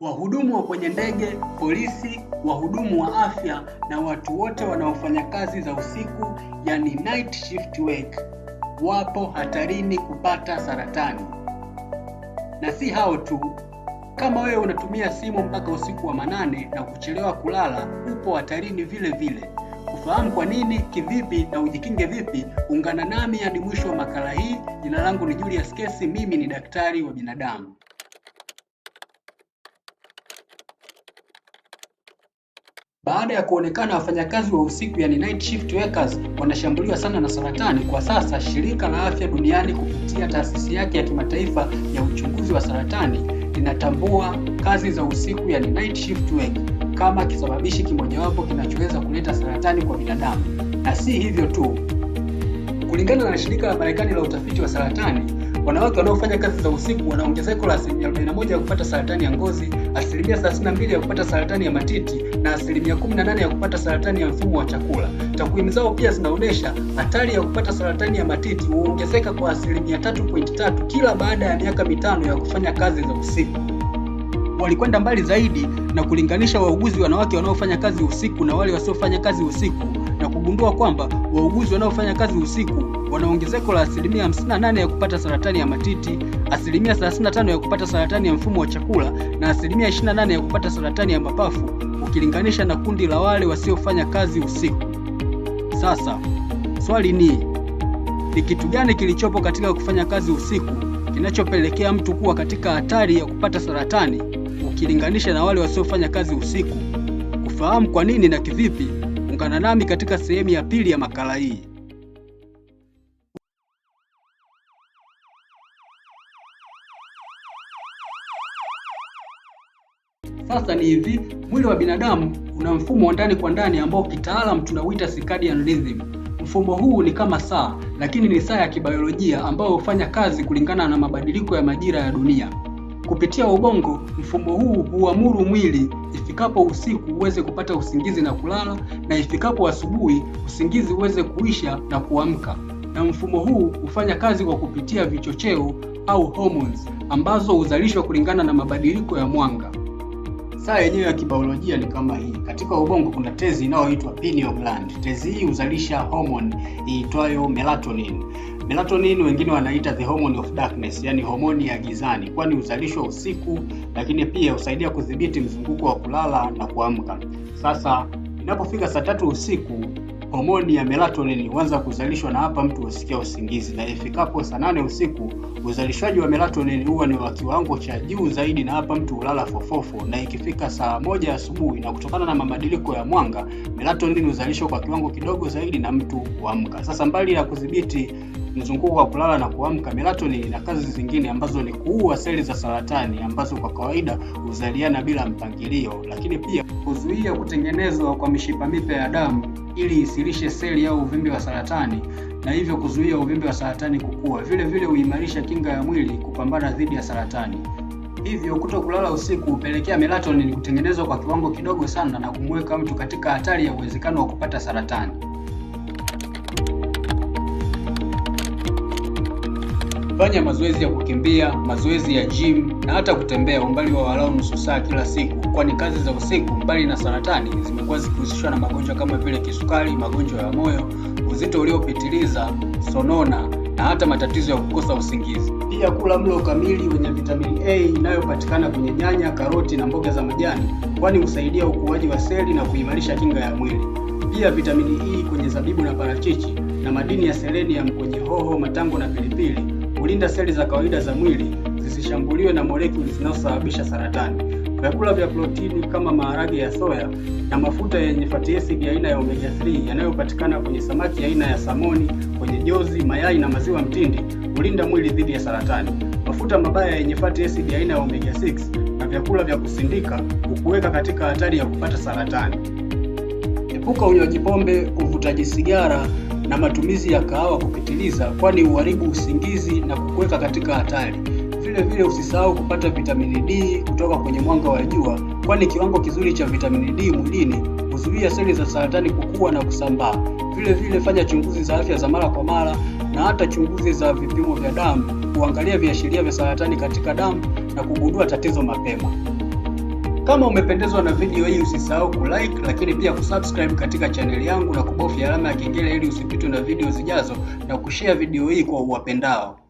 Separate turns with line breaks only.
Wahudumu wa kwenye ndege, polisi, wahudumu wa afya na watu wote wanaofanya kazi za usiku, yani night shift work, wapo hatarini kupata saratani. Na si hao tu, kama wewe unatumia simu mpaka usiku wa manane na kuchelewa kulala, upo hatarini vile vile. Kufahamu kwa nini, kivipi na ujikinge vipi, ungana nami hadi mwisho wa makala hii. Jina langu ni Julius Kesi, mimi ni daktari wa binadamu. Baada ya kuonekana wafanyakazi wa usiku yani night shift workers wanashambuliwa sana na saratani, kwa sasa shirika la afya duniani kupitia taasisi yake ya kimataifa ya uchunguzi wa saratani linatambua kazi za usiku yani night shift work kama kisababishi kimojawapo kinachoweza kuleta saratani kwa binadamu. Na si hivyo tu, kulingana na shirika la Marekani la utafiti wa saratani Wanawake wanaofanya kazi za usiku wana ongezeko la asilimia 41 ya kupata saratani ya ngozi, asilimia 32 ya kupata saratani ya matiti na asilimia 18 ya kupata saratani ya mfumo wa chakula. Takwimu zao pia zinaonyesha hatari ya kupata saratani ya matiti huongezeka kwa asilimia 3.3 kila baada ya miaka mitano ya kufanya kazi za usiku. Walikwenda mbali zaidi na kulinganisha wauguzi wanawake wanaofanya kazi usiku na wale wasiofanya kazi usiku na kugundua kwamba wauguzi wanaofanya kazi usiku wana ongezeko la asilimia 58 ya kupata saratani ya matiti, asilimia 35 ya kupata saratani ya mfumo wa chakula na asilimia 28 ya kupata saratani ya mapafu ukilinganisha na kundi la wale wasiofanya kazi usiku. Sasa swali ni ni kitu gani kilichopo katika kufanya kazi usiku kinachopelekea mtu kuwa katika hatari ya kupata saratani ukilinganisha na wale wasiofanya kazi usiku? Kufahamu kwa nini na kivipi, ungana nami katika sehemu ya pili ya makala hii. Sasa ni hivi, mwili wa binadamu una mfumo wa ndani kwa ndani ambao kitaalamu tunauita circadian rhythm. Mfumo huu ni kama saa, lakini ni saa ya kibiolojia ambayo hufanya kazi kulingana na mabadiliko ya majira ya dunia. Kupitia ubongo, mfumo huu huamuru mwili ifikapo usiku uweze kupata usingizi na kulala, na ifikapo asubuhi usingizi uweze kuisha na kuamka. Na mfumo huu hufanya kazi kwa kupitia vichocheo au hormones ambazo huzalishwa kulingana na mabadiliko ya mwanga. Saa yenyewe ya kibaolojia ni kama hii. Katika ubongo kuna tezi inayoitwa pineal gland. Tezi hii huzalisha homoni iitwayo melatonin. Melatonin wengine wanaita the hormone of darkness, yani homoni ya gizani, kwani huzalishwa usiku, lakini pia husaidia kudhibiti mzunguko wa kulala na kuamka. Sasa inapofika saa tatu usiku homoni ya melatonin huanza kuzalishwa na hapa mtu husikia usingizi, na ifikapo saa nane usiku uzalishaji wa melatonin huwa ni wa kiwango cha juu zaidi, na hapa mtu hulala fofofo, na ikifika saa moja asubuhi na kutokana na mabadiliko ya mwanga melatonin huzalishwa kwa kiwango kidogo zaidi na mtu huamka. Sasa mbali ya kudhibiti mzunguko wa kulala na kuamka, melatonin na kazi zingine ambazo ni kuua seli za saratani ambazo kwa kawaida huzaliana bila mpangilio, lakini pia kuzuia kutengenezwa kwa mishipa mipya ya damu ili isilishe seli au uvimbe wa saratani na hivyo kuzuia uvimbe wa saratani kukua. Vile vile huimarisha kinga ya mwili kupambana dhidi ya saratani. Hivyo kuto kulala usiku hupelekea melatonin kutengenezwa kwa kiwango kidogo sana na kumweka mtu katika hatari ya uwezekano wa kupata saratani. Fanya mazoezi ya kukimbia, mazoezi ya gym na hata kutembea umbali wa walau nusu saa kila siku, kwani kazi za usiku mbali na saratani zimekuwa zikihusishwa na magonjwa kama vile kisukari, magonjwa ya moyo, uzito uliopitiliza, sonona na hata matatizo ya kukosa usingizi. Pia kula mlo kamili wenye vitamini A inayopatikana kwenye nyanya, karoti na mboga za majani, kwani husaidia ukuaji wa seli na kuimarisha kinga ya mwili. Pia vitamini E kwenye zabibu na parachichi na madini ya selenium kwenye hoho, matango na pilipili kulinda seli za kawaida za mwili zisishambuliwe na molekuli zinazosababisha saratani. Vyakula vya protini kama maharage ya soya na mafuta yenye fatty acid aina ya omega 3 yanayopatikana kwenye samaki aina ya samoni, kwenye jozi, mayai na maziwa mtindi hulinda mwili dhidi ya saratani. Mafuta mabaya yenye fatty acid aina ya omega 6 na vyakula vya kusindika hukuweka katika hatari ya kupata saratani. Epuka unywaji pombe, uvutaji sigara na matumizi ya kahawa kupitiliza, kwani uharibu usingizi na kukuweka katika hatari. Vile vile usisahau kupata vitamini D kutoka kwenye mwanga wa jua, kwani kiwango kizuri cha vitamini D mwilini huzuia seli za saratani kukua na kusambaa. Vile vile fanya chunguzi za afya za mara kwa mara na hata chunguzi za vipimo vya damu kuangalia viashiria vya saratani katika damu na kugundua tatizo mapema. Kama umependezwa na video hii usisahau kulike, lakini pia kusubscribe katika chaneli yangu na kubofya alama ya kengele ili usipitwe na video zijazo na kushare video hii kwa uwapendao.